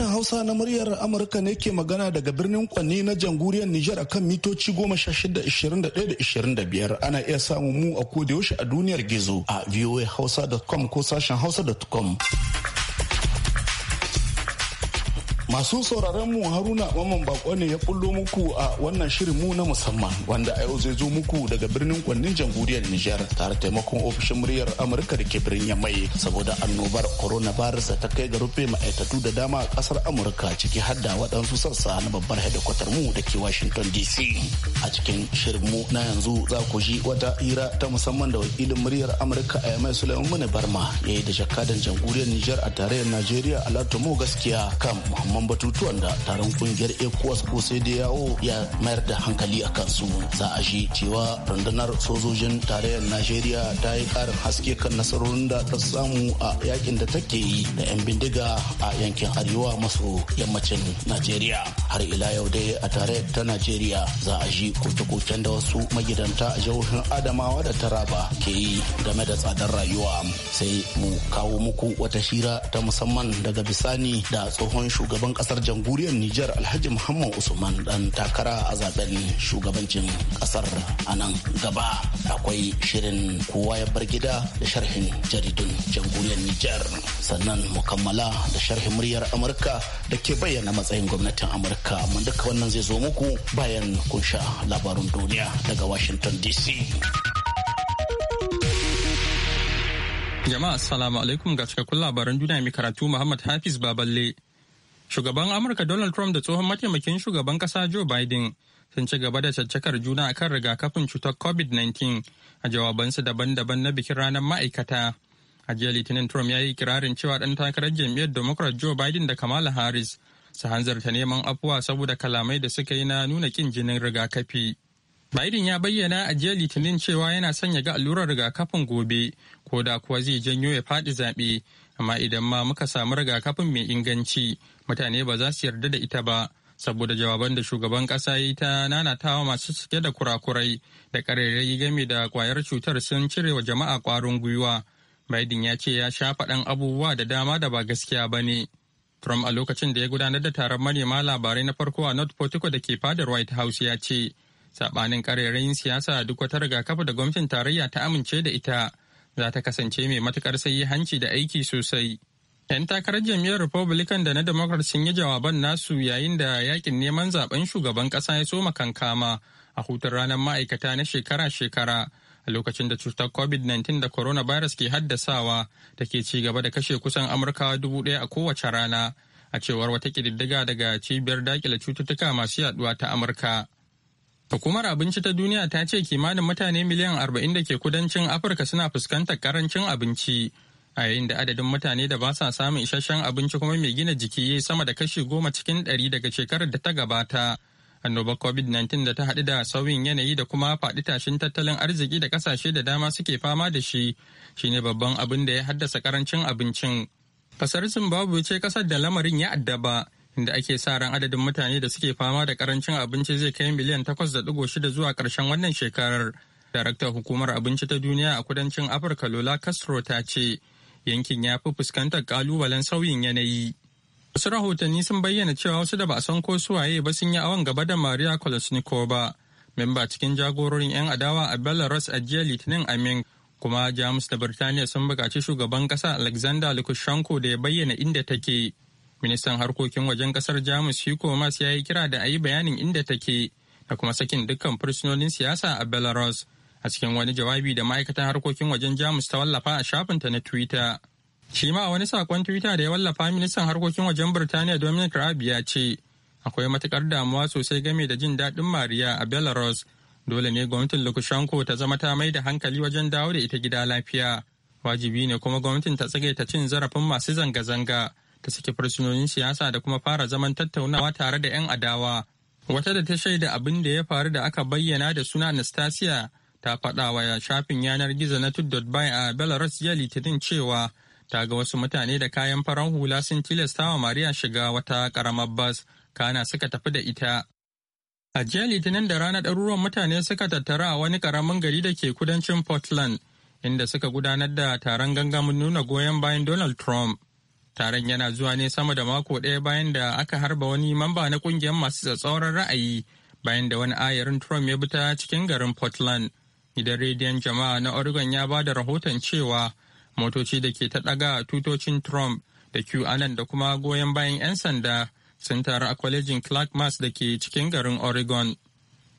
Sashen Hausa na muryar Amurka ne ke magana daga birnin kwanni na jamhuriyar Nijar akan mitoci 16-21-25. Ana iya samun mu a kodayaushe a duniyar gizo a voahausa.com ko sashen hausa.com. Masu sauraron mu Haruna Maman Bako ne ya bullo muku a wannan shirin mu na musamman wanda a yau zai zo muku daga birnin Kwannin Jamhuriyar Nijar tare taimakon ofishin muryar Amurka da ke birnin Yamai saboda annobar coronavirus ta kai ga rufe ma'aikatu da dama a kasar Amurka ciki har da waɗansu sassa na babbar hedikwatar mu da ke Washington DC. A cikin shirin mu na yanzu za ku ji wata hira ta musamman da wakilin muryar Amurka a Yamai Sulaiman Barma yayi da jakadan Jamhuriyar Nijar a tarayyar Najeriya Alatomo gaskiya kan Muhammad muhimman batutuwan da taron kungiyar ecowas ko sai da yawo ya mayar da hankali a kansu za a shi cewa rundunar sojojin tarayyar najeriya ta yi karin haske kan nasarorin da ta samu a yakin da take yi da 'yan bindiga a yankin arewa maso yammacin najeriya har ila yau dai a tarayyar ta najeriya za a ji koke da wasu magidanta a jihohin adamawa da taraba ke yi game da tsadar rayuwa sai mu kawo muku wata shira ta musamman daga bisani da tsohon shugaban shugaban kasar jamhuriyar Nijar Alhaji Muhammad Usman dan takara a zaben shugabancin kasar a nan gaba akwai shirin kowa ya bar gida da sharhin jaridun jamhuriyar Nijar sannan mu kammala da sharhin muryar Amurka da ke bayyana matsayin gwamnatin Amurka mun duka wannan zai zo muku bayan kun sha labarun duniya daga Washington DC. Jama'a assalamu alaikum ga cikakkun labaran duniya mai karatu Muhammad Hafiz Baballe. Shugaban Amurka Donald Trump da tsohon mataimakin shugaban kasa Joe Biden sun ci gaba da caccakar juna a kan rigakafin cutar COVID-19 a jawabansu daban-daban na bikin ranar ma'aikata. A jiya Litinin Trump ya yi kirarin cewa ɗan takarar jam'iyyar Democrat Joe Biden da Kamala Harris su hanzarta neman afuwa saboda kalamai da suka yi na nuna kin jinin rigakafi. Biden ya bayyana a jiya Litinin cewa yana son ya ga allurar rigakafin gobe, ko da kuwa zai janyo ya faɗi zaɓe amma idan ma muka samu rigakafin mai inganci mutane ba za su yarda da ita ba saboda jawaban da shugaban ƙasa yi ta nanatawa masu cike da kurakurai da ƙarairayi game da kwayar cutar sun cire wa jama'a ƙwarin gwiwa biden ya ce ya sha faɗan abubuwa da dama da ba gaskiya ba ne trump a lokacin da ya gudanar da taron manema labarai na farko a north portico da ke fadar white house ya ce saɓanin ƙarairayin siyasa duk wata rigakafi da gwamnatin tarayya ta amince da ita za ta kasance mai matukar sayi hanci da aiki sosai. 'Yan takarar jam'iyyar Republican da na Democrat sun yi jawaban nasu yayin da yakin neman zaben shugaban kasa ya soma kankama a hutun ranar ma'aikata na shekara-shekara a lokacin da cutar COVID-19 da coronavirus ke haddasawa da ke ci gaba da kashe kusan Amurkawa dubu ɗaya a kowace rana a cewar wata ƙididdiga daga cibiyar dakile cututtuka masu yaduwa ta Amurka. Hukumar Abinci ta Duniya ta ce kimanin mutane miliyan arba'in da ke kudancin Afirka suna fuskantar karancin abinci, a yayin da adadin mutane da ba sa samun isasshen abinci kuma mai gina jiki ya sama da kashi goma cikin ɗari daga shekarar da ta gabata. Annobar COVID-19 da ta haɗu da sauyin yanayi da kuma faɗi tashin tattalin arziki da ƙasashe da dama suke fama da shi, shine babban abin da ya haddasa karancin abincin. Kasar Zimbabwe ce kasar da lamarin ya addaba inda ake sa ran adadin mutane da suke fama da karancin abinci zai kai miliyan shida zuwa karshen wannan shekarar. Daraktar Hukumar Abinci ta Duniya a Kudancin Afirka Lola Castro ta ce, yankin ya fi fuskantar kalubalen sauyin yanayi. Wasu rahotanni sun bayyana cewa wasu da ba a san ko suwaye ba sun yi awon gaba da Maria ba. memba cikin jagororin 'yan adawa a Belarus a jiya Litinin Amin, kuma Jamus da Birtaniya sun buƙaci shugaban ƙasa Alexander Lukashenko da ya bayyana inda take. ministan harkokin wajen kasar jamus hiko mas ya yi kira da a yi bayanin inda take da kuma sakin dukkan fursunonin siyasa a belarus a cikin wani jawabi da ma'aikatan harkokin wajen jamus ta wallafa a shafinta na twitter shi ma wani sakon twitter da ya wallafa ministan harkokin wajen birtaniya dominic Rabi ya ce akwai matukar damuwa sosai game da jin daɗin mariya a belarus dole ne gwamnatin lukashenko ta zama ta mai da hankali wajen dawo da ita gida lafiya wajibi ne kuma gwamnatin ta tsage cin zarafin masu zanga-zanga ta saki fursunonin siyasa da kuma fara zaman tattaunawa tare da 'yan adawa wata da ta shaida abin da ya faru da aka bayyana da suna anastasia ta faɗa wa shafin yanar gizo na tud.by a belarus ya litinin cewa ta ga wasu mutane da kayan farar hula sun tilasta wa mariya shiga wata karamar bas kana suka tafi da ita a jiya litinin da rana ɗaruruwan mutane suka tattara a wani karamin gari da ke kudancin portland inda suka gudanar da taron gangamin nuna goyon bayan donald trump Taron yana zuwa ne sama da mako ɗaya bayan da aka harba wani mamba na ƙungiyar masu tsatsauran ra'ayi bayan da wani ayarin Trump ya bi ta cikin garin Portland. idan rediyon jama'a na Oregon ya ba da rahoton cewa motoci da ke ta ɗaga tutocin Trump da QAnon da kuma goyon bayan 'yan sanda sun taru a kwalejin Clark Mass da ke cikin garin Oregon.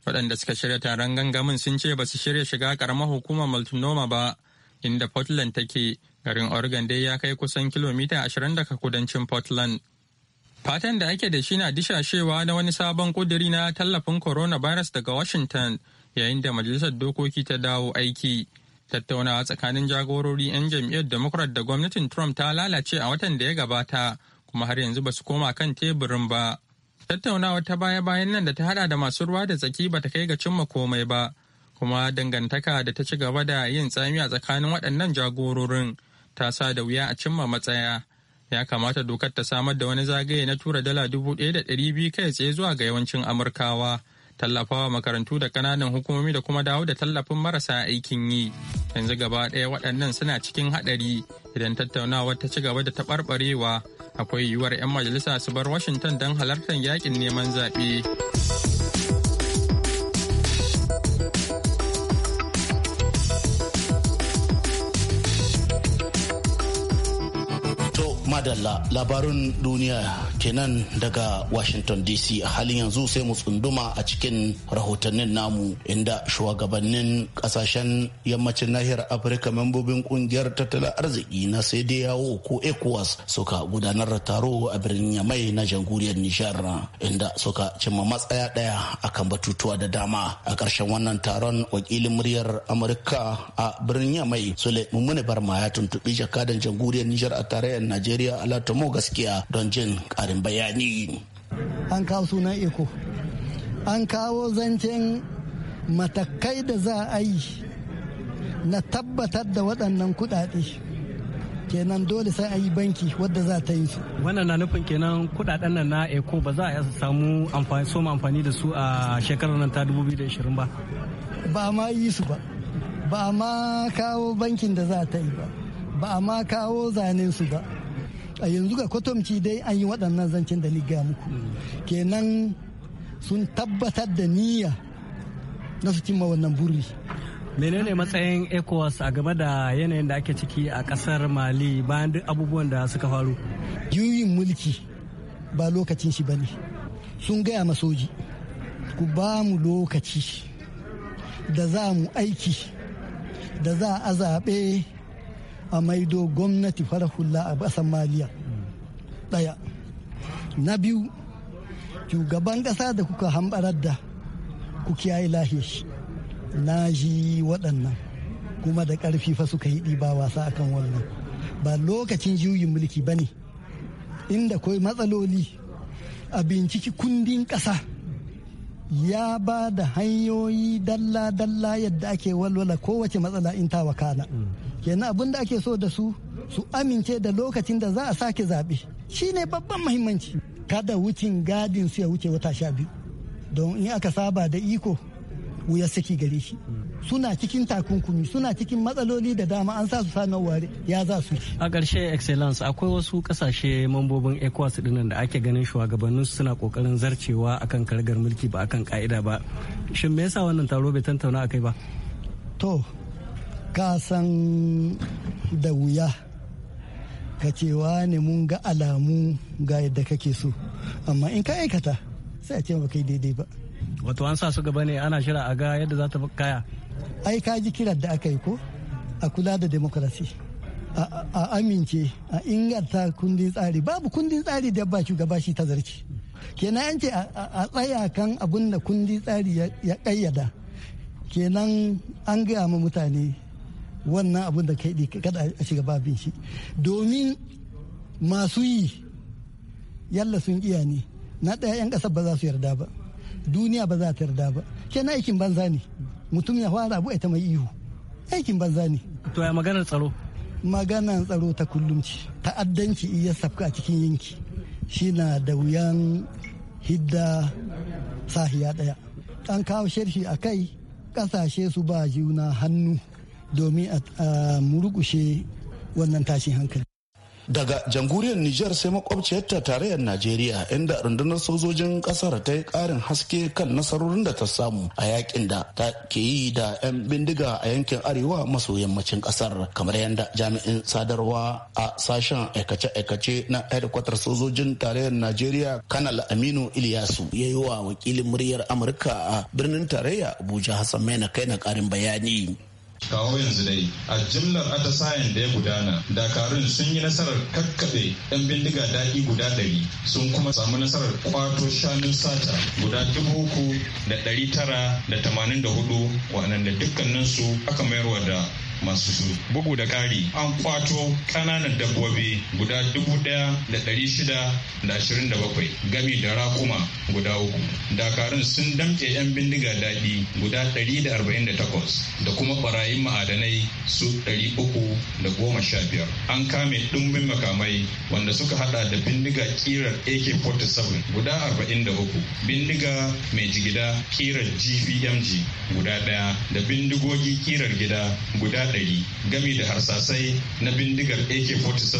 Waɗanda suka shirya taron gangamin sun ce ba su shirya shiga ƙaramar hukumar Multnomah ba, inda Portland take garin Oregon dai ya kai kusan kilomita 20 daga kudancin Portland. Fatan da ake da shi na dishashewa na wani sabon kuduri na tallafin coronavirus daga Washington yayin da Majalisar Dokoki ta dawo aiki. Tattaunawa tsakanin jagorori 'yan jam'iyyar Democrat da gwamnatin Trump ta lalace a watan da ya gabata kuma har yanzu ba su koma kan teburin ba. Tattaunawa ta baya-bayan nan da ta hada da masu ruwa da tsaki ba ta kai ga cimma komai ba kuma dangantaka da ta ci gaba da yin tsami a tsakanin waɗannan jagororin ta sa da wuya a cimma matsaya ya kamata dokar ta samar da wani zagaye na tura dala dubu ɗaya da ɗari biyu kai tsaye zuwa ga yawancin amurkawa tallafawa makarantu da ƙananan hukumomi da kuma dawo da tallafin marasa aikin yi yanzu gaba ɗaya waɗannan suna cikin haɗari idan tattaunawar ta ci gaba da taɓarɓarewa akwai yiwuwar 'yan majalisa su bar washington don halartar yaƙin neman zaɓe. madalla labarun duniya kenan daga washington dc a halin yanzu sai mu tsunduma a cikin rahotannin namu inda shugabannin kasashen yammacin nahiyar afirka membobin kungiyar tattalin arziki na sai dai yawo ko ecowas suka gudanar da taro a birnin yamai na jamhuriyar nijar inda suka cimma matsaya daya akan batutuwa da dama a karshen wannan taron wakilin muryar amurka a birnin yamai sule mummuni barma ya tuntubi jakadan jamhuriyar nijar a tarayyar najeriya alata mu gaskiya don jin karin bayani an kawo sunan eko an kawo zancen matakai da za a yi na tabbatar da waɗannan kuɗaɗe kenan dole sai a yi banki wadda za ta yi su. Wannan na nufin kenan kudaden nan na eco ba za a samu amfani so amfani da su a shekarar nan ta 2020 ba. Ba ma yi su ba. Ba ma kawo bankin da za ta yi ba. Ba ma kawo zanen su ba. a yanzu ga kwatomci dai an yi waɗannan zancen da ni muku kenan sun tabbatar da niyya na su cimma wannan buri menene matsayin ecowas a game da yanayin da ake ciki a ƙasar mali bayan duk abubuwan da suka faru juyin mulki ba lokacin shi bane sun gaya masoji ku ba mu lokaci da za mu aiki da za a zaɓe a maido gwamnati fara hula a basan maliya ɗaya na biyu shugaban ƙasa da kuka hambarar da ku kiyaye lahiyar na ji waɗannan kuma da ƙarfi fa suka yi ɗiba wasa akan wannan ba lokacin juyin mulki ba ne inda kawai matsaloli a binciki kundin ƙasa ya ba da hanyoyi dalla-dalla yadda ake walwala kowace matsala in ta wakana. Mm. kenan abin da ake so da su su amince da lokacin da za a sake zaɓe shine babban mahimmanci kada wucin gadin su ya wuce wata sha biyu don in aka saba da iko wuya saki gare shi suna cikin takunkumi suna cikin matsaloli da dama an sa su samun ware ya za su a ƙarshe excellence akwai wasu ƙasashe mambobin ecowas dinnan da ake ganin shugabannin suna ƙoƙarin zarcewa akan kargar mulki ba akan ka'ida ba shin me yasa wannan taro bai tantauna akai ba to ka san da wuya ka cewa ne mun ga alamu ga yadda kake so amma in ka aikata sai a ce ba kai daidai ba wato an sa su gaba ne ana shira a ga yadda za ta kaya ai ka ji kiran da aka yi ko a kula da demokrasi a amince a inganta kundin tsari babu kundin tsari da ba gaba shi ta zarci kenan an ce a tsaya kan abin da kundin tsari ya kayyada kenan an gaya ma mutane wannan abin da kai kada a shiga babin shi domin masu yi yalla sun iya ne na ɗaya 'yan ƙasar ba za su yarda ba duniya ba za ta yarda ba ke na aikin banza ne mutum ya fara abu ta mai ihu aikin banza ne to ya maganar tsaro maganar tsaro ta kullum ci ta'addanci iya safka a cikin yanki shi na da wuyan hidda sahiya ɗaya an kawo sharshi a kai ƙasashe su ba juna hannu domin a murkushe wannan tashin hankali daga jamhuriyar Nijar sai makwabciyarta tarayyar Najeriya inda rundunar sojojin kasar ta yi karin haske kan nasarorin da ta samu a yakin da ta ke yi da 'yan bindiga a yankin arewa maso yammacin kasar kamar yadda jami'in sadarwa a sashen aikace-aikace na hedikwatar sojojin tarayyar Najeriya kanal Aminu Iliyasu. ya yi wa wakilin muryar Amurka a birnin tarayya Abuja Hassan Maina kai na karin bayani. kawo yanzu dai a jimlar atasayan da ya gudana dakarun sun yi nasarar kakkaɓe 'yan bindiga daɗi guda ɗari sun kuma samu nasarar kwato shanun sata guda dubu uku da ɗari tara da tamanin da hudu waɗanda dukkaninsu aka mayarwa da masu su bugu da ƙari an kwato ƙananan dabbobi guda dubu ɗaya da ɗari shida da ashirin da bakwai gami da rakuma guda uku dakarun sun damke 'yan bindiga daɗi guda ɗari da arba'in da takwas da kuma ɓarayin ma'adanai su ɗari uku da goma sha biyar an kame ɗumbin makamai wanda suka haɗa da bindiga ƙirar ak-47 guda arba'in da uku bindiga mai jigida ƙirar gvmg guda ɗaya da bindigogi ƙirar gida guda ra'ayi gami da harsasai na bindigar AK-47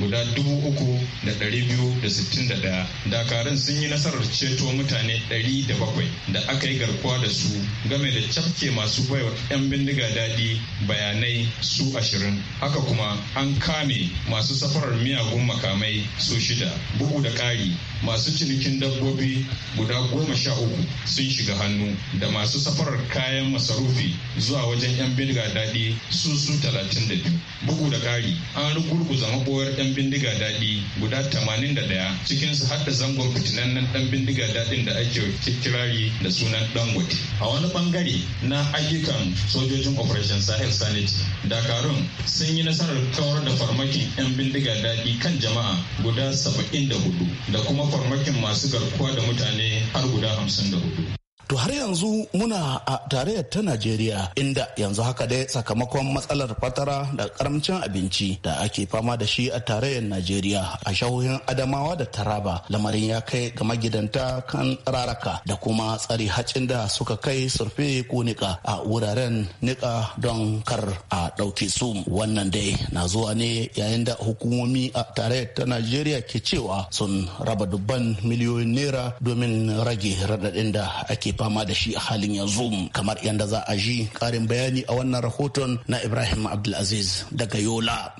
guda 3,261. Dakarun sun yi nasarar ceto mutane 700 da aka yi garkuwa da su game da cafke masu baiwa 'yan bindiga daɗi bayanai su 20. Haka kuma an kame masu safarar miyagun makamai su shida. Bugu da ƙari masu cinikin dabbobi guda goma sha uku sun shiga hannu da masu safarar kayan masarufi zuwa wajen 'yan bindiga daɗi su su talatin da biyu bugu da ƙari an rugurguza maɓoyar 'yan bindiga daɗi guda tamanin da ɗaya cikinsu har da zangon fitinannen ɗan bindiga daɗin da ake kirari da sunan dangote a wani bangare na ayyukan sojojin operation sahel sanity dakarun sun yi nasarar kawar da farmakin 'yan bindiga daɗi kan jama'a guda saba'in da hudu da kuma farmakin masu garkuwa da mutane har guda hamsin da hudu To har yanzu muna a tarayyar ta Najeriya inda yanzu haka dai sakamakon matsalar fatara da karamcin abinci da ake fama da shi a tarayyar Najeriya a shahohin Adamawa da Taraba lamarin ya kai ga magidanta kan raraka da kuma tsari hacin da suka kai surfe ko nika a wuraren nika don kar a ɗauke su wannan dai na zuwa ne yayin da hukumomi a tarayyar ta Najeriya ke cewa sun raba dubban miliyoyin naira domin rage raɗaɗin da ake fama da shi a halin yanzu kamar yadda za a ji karin bayani a wannan rahoton na ibrahim abdulaziz daga yola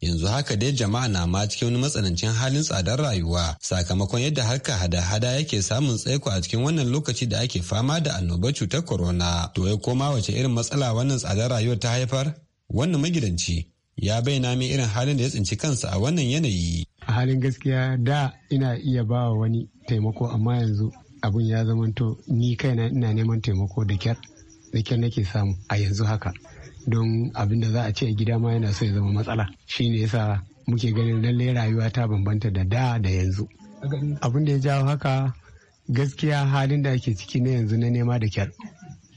yanzu haka dai jama'a na ma cikin wani matsanancin halin tsadar rayuwa sakamakon yadda harka hada-hada yake samun tsaiko a cikin wannan lokaci da ake fama da annobar cutar corona to ya koma wace irin matsala wannan tsadar rayuwar ta haifar wannan magidanci ya bayyana min irin halin da ya tsinci kansa a wannan yanayi a halin gaskiya da ina iya ba wani taimako amma yanzu abin ya zamanto ni kaina ina neman taimako da kyar da kyar nake samu a yanzu haka don abin da za a ce gida ma yana so ya zama matsala shi shine yasa muke ganin lalle rayuwa ta bambanta da da da yanzu abin da ya jawo haka gaskiya halin da ake ciki na yanzu na nema da kyar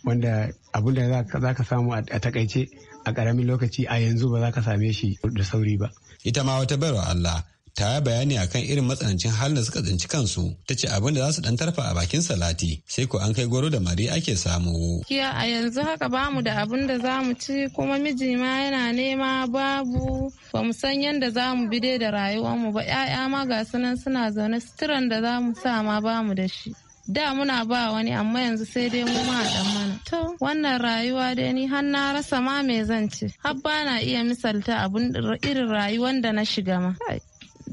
wanda abin da za ka samu a takaice a ƙaramin lokaci a yanzu ba za ka same shi da sauri ba ita ma wata baiwa Allah ta bayani akan irin matsanancin halin da suka tsinci kansu ta ce abin da za su dan tarfa a bakin salati sai ko an kai goro da mari ake samu. Kiya a yanzu haka ba mu da abin da za mu ci kuma miji ma yana nema babu ba mu san yadda za mu bi dai da rayuwar mu ba 'ya'ya ma ga sunan suna zaune suturan da za mu sa ma ba mu da shi. da muna ba wani amma yanzu sai dai mu ma dan mana to wannan rayuwa dai ni har na rasa ma me zan ce har ba na iya misalta abun irin rayuwar da na shiga ma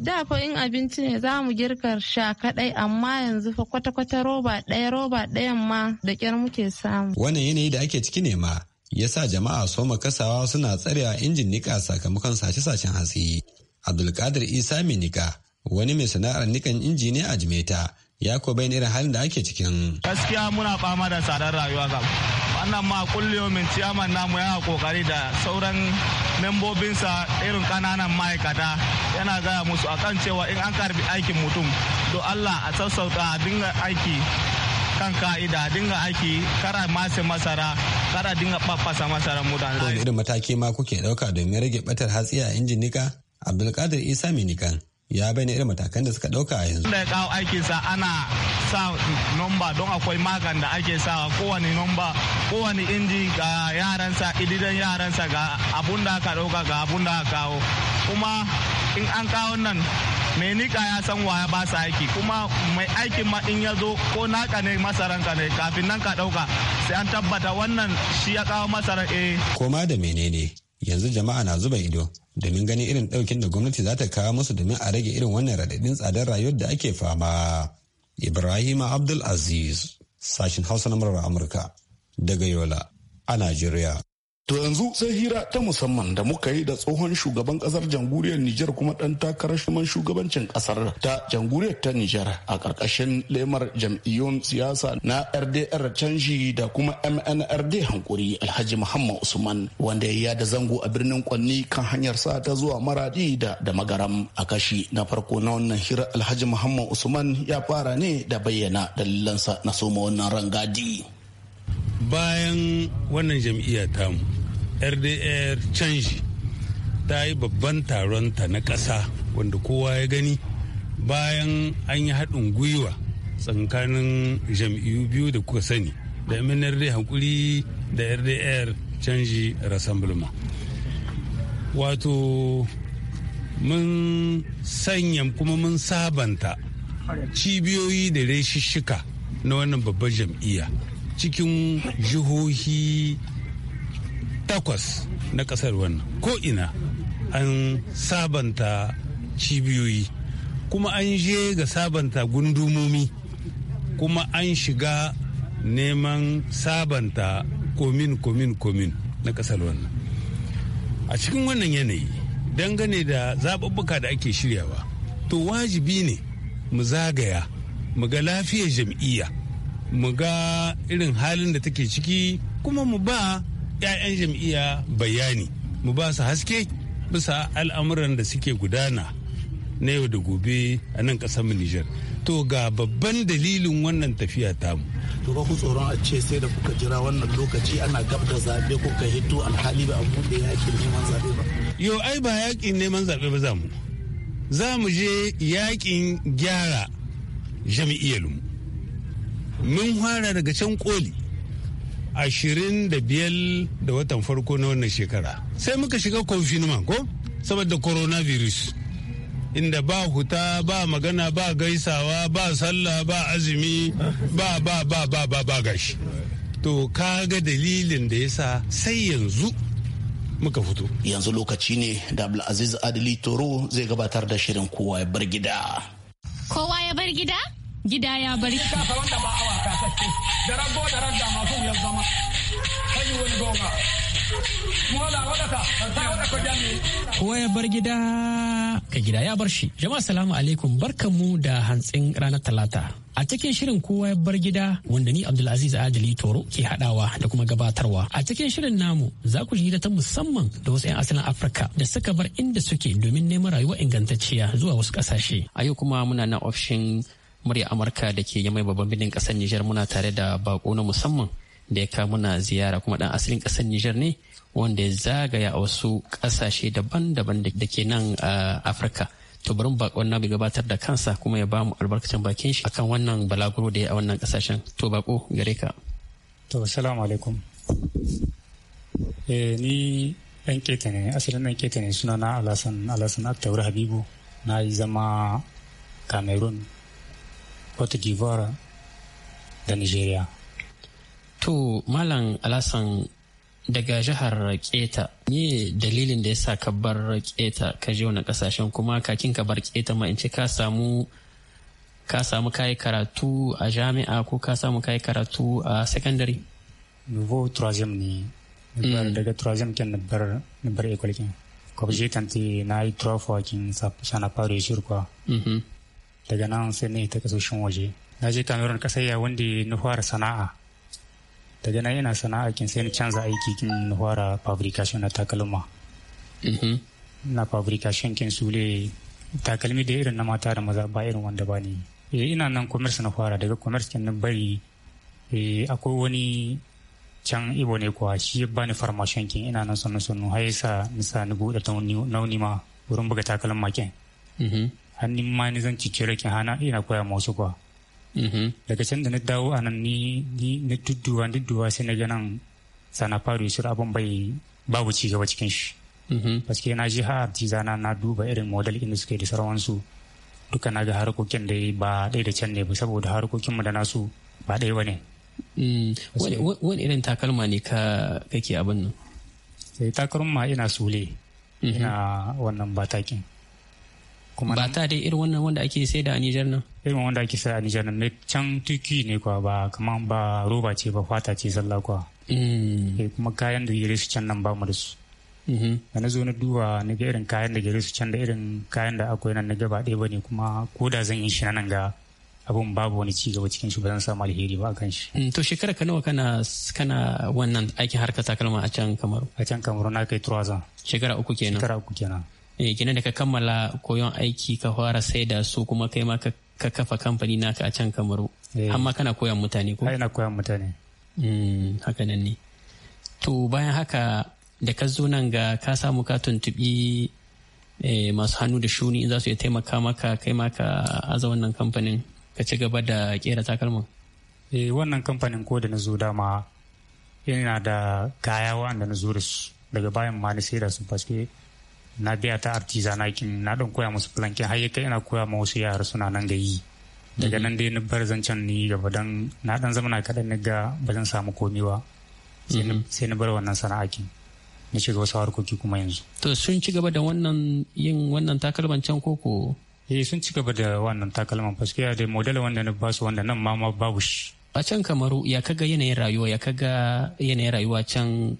da fa in abinci ne za mu girka sha kadai amma yanzu fa kwata-kwata roba ɗaya roba ɗayan ma da kyar muke samu. Wannan yanayi da ake ciki ne ma ya sa jama'a soma kasawa suna tsarewa injin nika sakamakon sace-sacen hatsi. Abdulkadir Isa mai niƙa wani mai sana'ar nikan inji ne a Jimeta ya ko bayan irin halin da ake cikin. Gaskiya muna fama da tsadar rayuwa ga wannan ma kullum kulliyomin ciyaman namu yana kokari da sauran membobinsa irin kananan ma'aikata yana gaya musu akan cewa in an karbi aikin mutum to Allah a sassauta a dinga aiki kan ka'ida dinga aiki kara masa masara kara dinga faffasa masara mutane. Wani irin mataki ma kuke dauka domin rage batar hatsi a injin nika? Abdulkadir Isa Minikan ya bayyana irin matakan da suka dauka a yanzu. Da ya kawo aikin sa ana sa nomba don akwai magan da ake sa kowane nomba kowane inji ga yaransa ididan yaransa ga abun da aka dauka ga abun da aka kawo kuma in an kawo nan mai nika ya san waya ba sa aiki kuma mai aikin ma in ya zo ko naka ne masaranka ne kafin nan ka dauka sai an tabbata wannan shi ya kawo masaran eh. Koma da menene yanzu jama'a na zuba ido domin ganin irin ɗaukin da gwamnati za ta kawo musu domin a rage irin wannan raɗaɗin tsadar rayuwar da ake fama ibrahim abdul aziz sashin hausa na murar amurka daga yola a najeriya To yanzu sai hira ta musamman da muka yi da tsohon shugaban kasar jamhuriyar Nijar kuma dan takarar shiman shugabancin kasar ta jamhuriyar ta Nijar a karkashin lemar jam'iyyun siyasa na RDR canji da kuma MNRD hankuri Alhaji Muhammad Usman wanda ya yada zango a birnin Kwanni kan hanyar sa ta zuwa Maradi da da Magaram a kashi na farko na wannan hira Alhaji Muhammad Usman ya fara ne da bayyana dalilansa na soma wannan rangadi. Bayan wannan jam'iyyar tamu rdr canji ta yi babban taronta na ƙasa wanda kowa ya gani bayan an yi haɗin gwiwa tsakanin jam'iyyu biyu da kuka sani da mnrd hankuri da rdr canji rassemblement wato mun sanya kuma mun sabanta cibiyoyi da reshishika na wannan babbar jam'iyya cikin jihohi takwas na kasar wannan ko ina an sabanta cibiyoyi kuma an je ga sabanta gundumomi kuma an shiga neman sabanta komin komin komin na kasar wannan a cikin wannan yanayi dangane da zaɓuɓɓuka da ake shiryawa to wajibi ne mu zagaya mu ga lafiyar jam'iyya mu ga irin halin da take ciki kuma mu ba 'ya'yan jam'iyya bayani mu ba su haske bisa al'amuran da suke gudana na yau da gobe a nan ƙasar mu Nijar. To ga babban dalilin wannan tafiya mu. To ba ku tsoron a ce sai da kuka jira wannan lokaci ana gab da zaɓe ka hito alhali ba a buɗe yaƙin neman zaɓe ba. Yo ai ba yaƙin neman zaɓe ba za mu. Za mu je yaƙin gyara jami'iyyar mu. Mun fara daga can koli. ashirin da biyar da watan farko na wannan shekara sai muka shiga confinement ko saboda coronavirus inda ba huta ba magana ba gaisawa ba sallah ba azumi ba ba ba ba ba ba gashi to kaga dalilin da ya sa sai yanzu muka fito. Yanzu lokaci ne da Abdulaziz Adili Toro zai gabatar da shirin kowa ya bar gida. Kowa ya bar gida? gida ya bari kowa ya bar gida ka gida ya bar shi jama'a salamu alaikum mu da hantsin ranar talata a cikin shirin kowa ya bar gida wanda ni abdulaziz adali toro ke hadawa da kuma gabatarwa a cikin shirin namu za ku ji ta musamman da wasu 'yan asalin afirka da suka bar inda suke domin neman rayuwa ingantacciya zuwa wasu kasashe a yau kuma muna na ofishin murya amurka da ke mai babban birnin kasar nijar muna tare da bako na musamman da ya kawo muna ziyara kuma dan asalin kasar nijar ne wanda ya zagaya a wasu kasashe daban-daban da ke nan a afirka to bari bakon na gabatar da kansa kuma ya bamu albarkacin bakin shi akan wannan balaguro da ya a wannan kasashen to bako gare ka to assalamu alaikum eh, ni dan keta ne asalin dan keta ne suna na alasan alasan habibu na yi zama cameroon cote d'ivoire da nigeria to malam alasan daga jihar raketa ne dalilin da ya sa ka bar raketa ka je wani kasashen kuma kakin ka bar keta ma in ce ka samu ka samu kayi karatu a jami'a ko ka samu kayi karatu a secondary nouveau troisième ne mm. daga troisième ke bar bar école ken ko je tanti na yi trois fois kin sa na pas réussir quoi mm-hmm. daga nan sai ne ta kasashen waje na je cameroon kasar ya wanda na fara sana'a daga nan ina sana'a kin sai na canza aiki kin na fara fabrication na takalma mhm. na fabrication kin sule takalmi da irin na mata da maza ba irin wanda ba ne eh, ina nan commerce na fara daga commerce kin na bari eh, akwai wani can ibo ne kuwa shi ya bani farmashin kin ina nan sannu sannu har yasa nisa ni buɗe ta nauni ma wurin buga takalma kin. Mhm. hannun ma ni zan cike rake hana ina koya wasu kuwa mm-hmm. daga can da na dawo a nan ni na dudduwa dudduwa sai na ganin sana faru shi abin bai babu ci gaba cikin shi mm-hmm. paske na ji har artizana na duba irin model inda suke da sarawansu duka na ga harkokin da ba ɗaya da can ne ba saboda harkokin mu da nasu ba ɗaya ba ne mm. wani irin takalma ne ka kake abin nan eh, takalma ina sule mm-hmm. ina wannan batakin kuma ba ta dai irin wannan wanda ake sai da a Nijar nan irin wanda ake sai a Nijar nan can tuki ne kuwa ba kamar ba roba ce ba fata ce zalla kuwa mm. eh, kuma kayan da gare su can nan ba mu da su mm-hmm. da na zo na duba na ga irin kayan da gare su can da irin kayan da akwai nan na gaba ɗaya ba ne kuma ko da zan yi shi nan ga abun babu wani ci gaba cikin shi ba zan samu alheri ba kan shi. Mm, to shekara ka nawa kana kana wannan aikin harkar takalma a can Kamaru? A can Kamaru na kai Turaza. Shekara uku kenan. Shekara uku kenan. Eh, kenan da ka kammala koyon aiki ka fara sai da su kuma kai ma ka kafa kamfani naka a can kamaru eh. amma kana koyon mutane ko ina koyon mutane hmm, haka nan ne to bayan haka da ka zo nan ga ka samu ka tuntubi eh, masu hannu da shuni za su iya taimaka maka kai maka aza wannan kamfanin ka ci gaba da kera takalman eh wannan kamfanin ko da na zo dama yana da kaya wanda na zo da su daga bayan ma na sai da su paske na biya ta artisanakin na don koya musu planking har kai ina koya ma wasu yara suna nan ga yi daga mhm. nan dai ni bar zancen ni gaba dan na dan zamana kada ni ga ba zan samu komai ba mhm. sai na bar wannan sana'akin na shiga wasu harkoki kuma yanzu. to sun ci gaba da wannan yin wannan takalman can koko. eh sun ci gaba da wannan takalman ya dai model wanda ba su wanda nan ma ma babu shi. a can kamaru ya kaga yanayin rayuwa ya kaga yanayin rayuwa can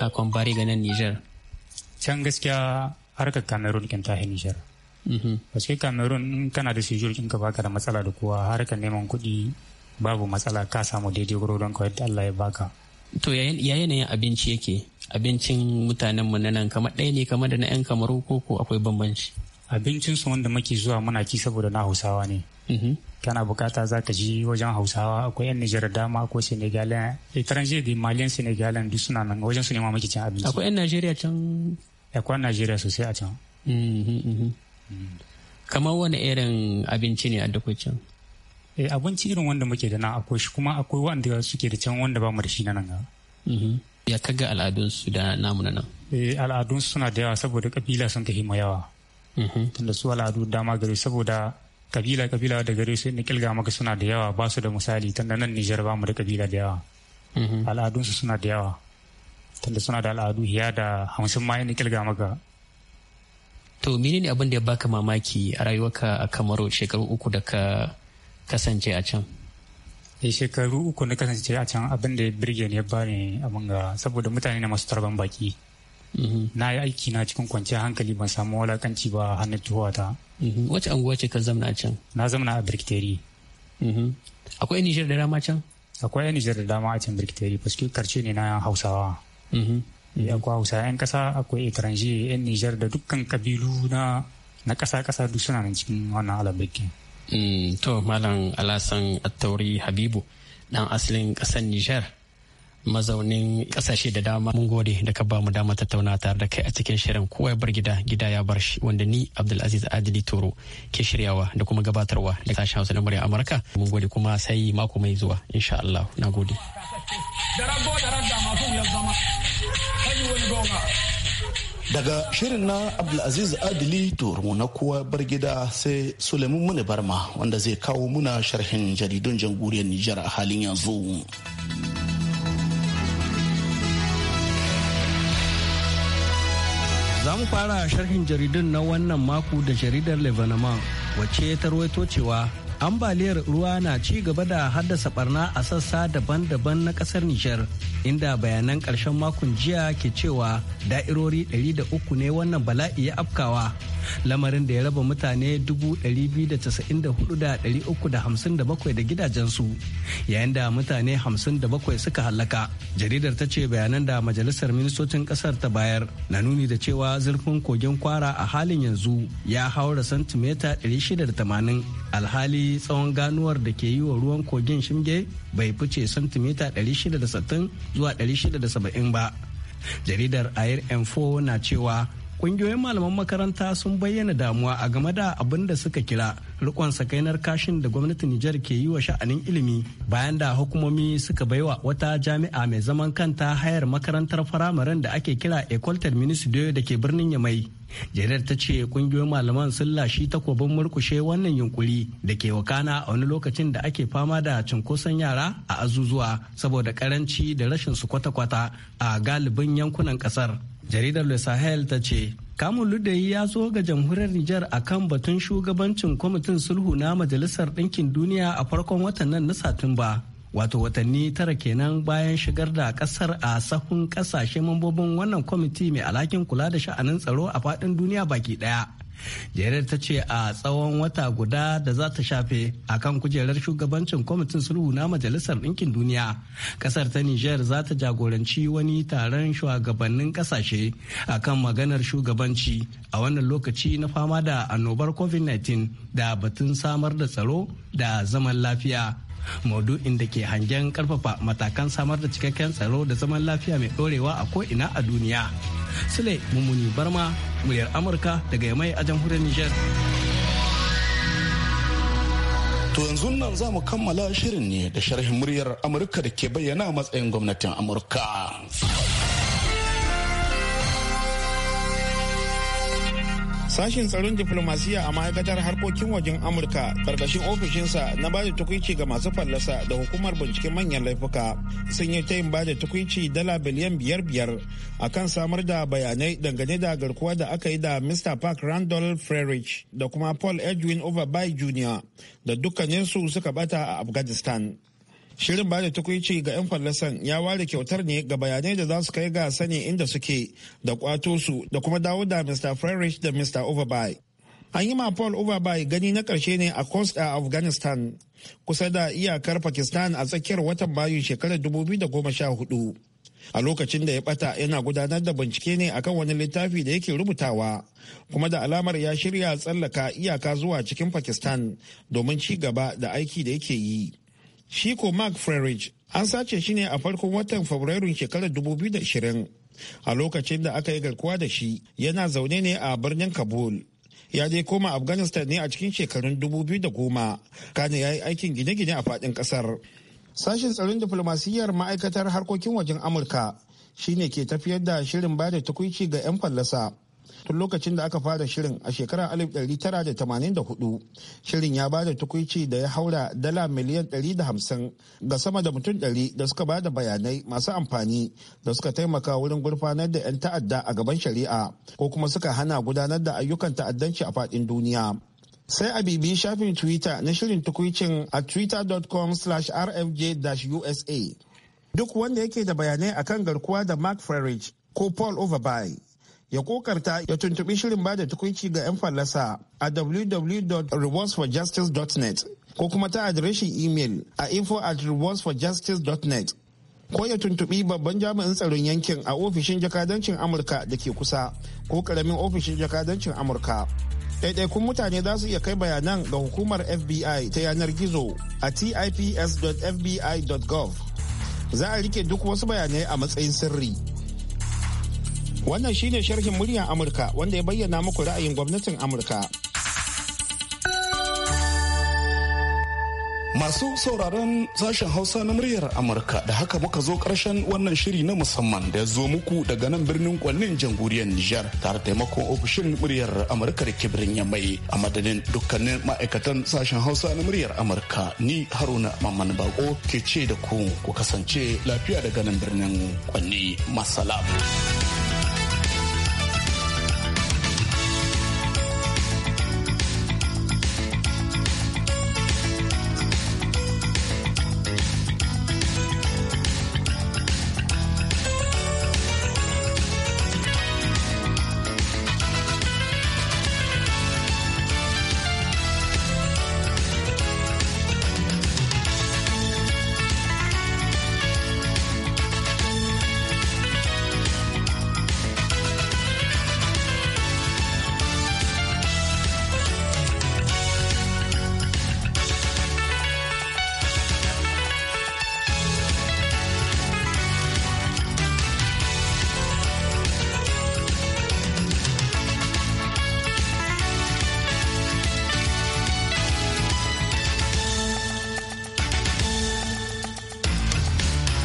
a kwambari ga nan Nijar. can gaskiya harkar cameroon kin ta nijar paske mhm. cameroon in kana da sijur kin ka baka da matsala da kowa harkar neman kuɗi babu matsala ka samu daidai don kawai da allah ya baka to ya yanayin abinci yake abincin mutanen mu na nan kamar ɗaya ne kamar da na 'yan kamaru ko ko akwai bambanci abincin su wanda muke zuwa muna ci saboda na hausawa ne mhm. kana bukata za ka ji wajen hausawa akwai yan nijar dama ko senegalian etranger da malian senegalian duk suna nan wajen su ne ma muke cin abinci akwai yan najeriya can ya kwan najeriya sosai a can mhm, mhm. kamar wani irin abinci ne a can eh, abinci irin wanda muke da na akwai shi kuma akwai wanda suke da can wanda ba mu da shi na nan mhm. ga ya kaga al'adunsu da namuna nan eh, al'adunsu suna da yawa saboda kabila sun tafi ma yawa tunda su al'adu dama gari saboda kabila kabila da gari su na kilga maka suna da yawa ba su da misali tunda nan Nijar ba mu da kabila da yawa al'adunsu suna da yawa tunda suna da al'adu ya da hamsin ma yana kilga maka to menene abin da ya baka mamaki a rayuwarka a kamaru shekaru uku da ka kasance a can eh, shekaru uku na kasance a can abin da ya birge ne ya bani abin ga saboda mutane na masu tarban baki mm-hmm. na yi aiki na cikin kwanciyar hankali ban samu walakanci ba hannun ta. Mm-hmm. Wace anguwa ce ka zamna a can? Na zamna a Birkiteri. Mm-hmm. Akwai Nijar da dama can? Akwai Nijar da dama a can Birkiteri, fuskin karce ne na Hausawa. Mm-hmm. Mm-hmm. akwai hausa 'yan kasa akwai etranje 'yan nijar da dukkan kabilu na na kasa kasa duk suna nan cikin wannan alabakin. Mm, to malam alasan attauri habibu dan asalin kasar nijar mazaunin ƙasashe da dama mun gode da ka ba mu dama tattauna tare da kai a cikin shirin kowa bar gida gida ya bar shi wanda ni abdulaziz adili toro ke shiryawa da kuma gabatarwa da sashen hausa na murya amurka mun gode kuma sai mako mai zuwa insha allah na gode. daga shirin na abdulaziz adili turmu na kowa bar gida sai suleiman muni barma wanda zai kawo muna sharhin jaridun jamhuriyar nijar a halin yanzu za mu fara sharhin jaridun na wannan maku da jaridar lebanon wacce ta rawaito cewa ambaliyar ruwa na ci gaba da haddasa barna a sassa daban-daban na kasar Nijar, inda bayanan karshen makon jiya ke cewa da'irori 300 ne wannan bala'i ya afkawa. Lamarin da ya raba mutane 294,357 da gidajensu, yayin da mutane 57 suka hallaka. Jaridar ta ce bayanan da Majalisar Ministocin kasar ta bayar na nuni da cewa zurfin kogin kwara a halin yanzu ya haura santimeta 680 alhali tsawon ganuwar da ke yi wa ruwan kogin shimge bai fice santimita 660 zuwa 670 ba jaridar air na cewa kungiyoyin malaman makaranta sun bayyana damuwa a game da abin da suka kira rikon sakainar kashin da gwamnatin Nijar ke yi wa sha'anin ilimi bayan da hukumomi suka baiwa wata jami'a mai zaman kanta hayar makarantar firamaren da ake kira Ecole Terminus da ke birnin Yamai jaridar ta ce kungiyoyin malaman sun lashi takobin murkushe wannan yunkuri da ke wakana a wani lokacin da ake fama da cunkoson yara a azuzuwa saboda karanci da rashin su kwata-kwata a galibin yankunan kasar jaridar le sahel ta ce kamun ludayi ya zo ga jamhuriyar Nijar a kan batun shugabancin kwamitin sulhu na Majalisar Ɗinkin Duniya a farkon watan nan na Satumba wato watanni tara kenan bayan shigar da kasar a sahun kasashe mambobin wannan kwamiti mai alhakin kula da sha'anin tsaro a faɗin duniya baki ɗaya jerar ta ce a tsawon wata guda da za ta shafe a kan kujerar shugabancin kwamitin sulhu na majalisar ɗinkin duniya ƙasar ta niger za ta jagoranci wani taron shugabannin ƙasashe a kan maganar shugabanci a wannan lokaci na fama da annobar covid-19 da batun samar da tsaro da zaman lafiya maudu'in da ke hangen karfafa matakan samar da cikakken tsaro da zaman lafiya mai dorewa a ko'ina a duniya sule mummuni barma muryar amurka daga yamai a jamhuriyar Nijar. To yanzu nan za mu kammala shirin ne da sharhin muryar Amurka da ke bayyana matsayin gwamnatin Amurka. sashen tsaron diflomasiya a ma'aikatar harkokin wajen Amurka karkashin ofishinsa na ba da tukwici ga masu fallasa da hukumar binciken manyan laifuka sun yi tayin ba da tukwici dala biliyan biyar biyar a kan samar da bayanai dangane da garkuwa da aka yi da Mr. Park Randall Frerich da kuma Paul Edwin Overby Jr. da dukkaninsu suka bata a Afghanistan. shirin bada tukuici ga 'yan fallasan ya ware kyautar ne ga bayanai da za su kai ga sani inda suke da kwato su da kuma dawo da mr frerich da mr overby an yi ma paul overby gani na karshe ne a coast a afghanistan kusa da iyakar pakistan a tsakiyar watan mayu shekarar 2014 a lokacin da ya bata yana gudanar da bincike ne akan wani littafi da yake rubutawa kuma da alamar ya shirya tsallaka iyaka zuwa cikin pakistan domin ci gaba da aiki da yake yi Shi Mark Frerich an sace shi ne a farkon watan Fabrairun shekarar 2020 a lokacin da aka yi garkuwa da shi yana zaune ne a birnin Kabul. Ya dai koma Afghanistan ne a cikin shekarun 2010 kane ya yi aikin gine-gine a fadin kasar. Sashen tsaron diflomasiyyar ma'aikatar harkokin wajen Amurka shine ke tafiyar da shirin bada tukuici ga 'yan fallasa tun lokacin da aka fara shirin a shekarar 1984 shirin ya bada tukuici da ya haura dala miliyan 150 ga sama da mutum 100 da suka bada bayanai masu amfani da suka taimaka wurin gurfanar da 'yan ta'adda a gaban shari'a ko kuma suka hana gudanar da ayyukan ta'addanci a faɗin duniya sai a bibi shafin twitter na shirin tukuicin a twitter.com rfj-usa duk wanda yake da bayanai akan garkuwa da mark farage ko paul overby ya kokarta ya tuntubi shirin bada tukunci ga 'yan fallasa a www.rewardsforjustice.net ko kuma ta adireshin email a info at rewardsforjustice.net ko ya tuntubi babban jami'in tsaron yankin a ofishin jakadancin amurka da ke kusa ko karamin ofishin jakadancin amurka ɗaiɗaikun mutane za su iya kai bayanan ga hukumar fbi ta yanar gizo a tips.fbi.gov za a rike duk wasu bayanai a matsayin sirri Wannan shine sharhin muryar Amurka wanda ya bayyana muku ra'ayin gwamnatin Amurka. Masu sauraron sashen Hausa na muryar Amurka da haka muka zo karshen wannan shiri na musamman da ya zo muku daga nan birnin kwannin jamhuriyar Nijar tare taimakon ofishin muryar Amurka da kibirin yamai a madadin dukkanin ma'aikatan sashen Hausa na muryar Amurka ni Haruna Mamman Bako ke ce da ku ku kasance lafiya daga nan birnin kwanni masalam.